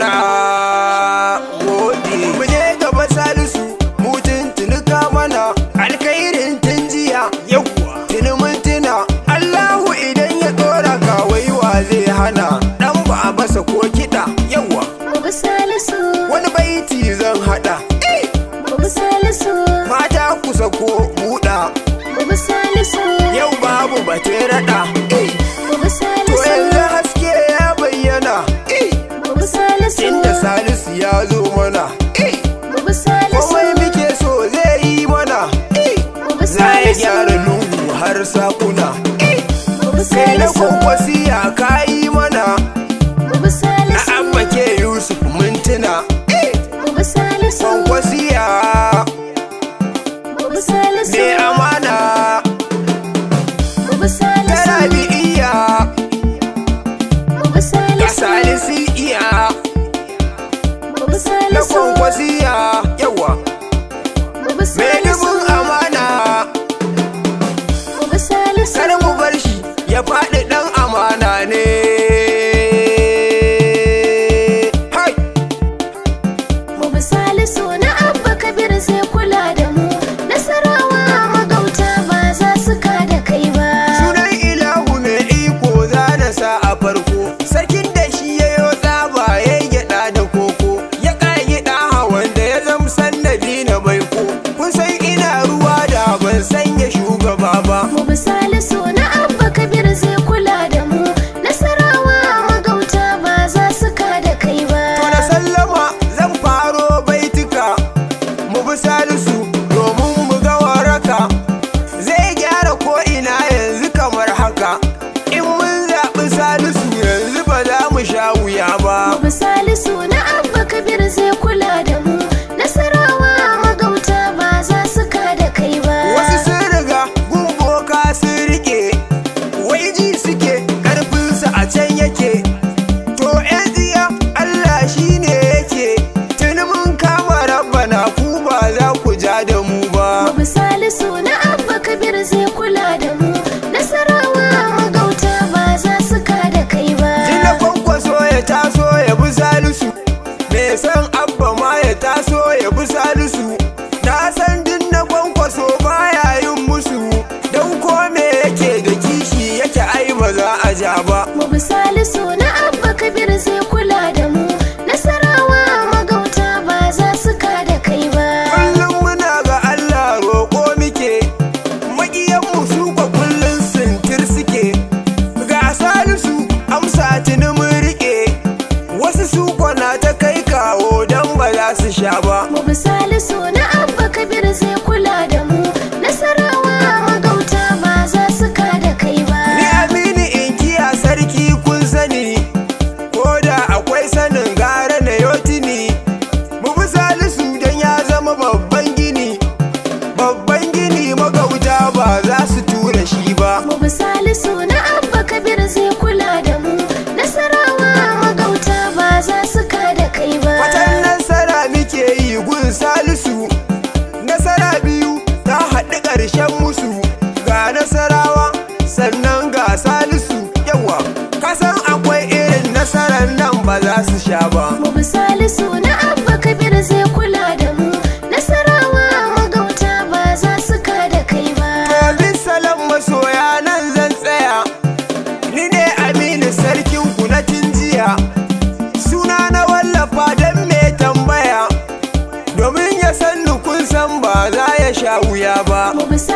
na gode mu je gaba salisu mu tuntuni mana alkhairin tun jiya yawwa tuni mun tuna Allahu idan ya ɗora ka wa zai hana dan ba a masa ko kiɗa yawwa gaba salisu wani baiti zan haɗa. gaba eh. salisu mata kusa ko buɗa gaba salisu yau babu batun raɗa dogon wasiya ka yi mana na ke yusuf mintuna dogon eh. wasiya me amana bi iya ka salisi meus é olhos zai kula da mu nasarawa magauta ba za su ka da kai ba jina kwankwaso ya taso ya bi salisu me san abba ma ya taso ya bi salisu na san din na kwankwaso baya yin musu don ko me yake da kishi yake ai ba za a ja ba suena wuya ba.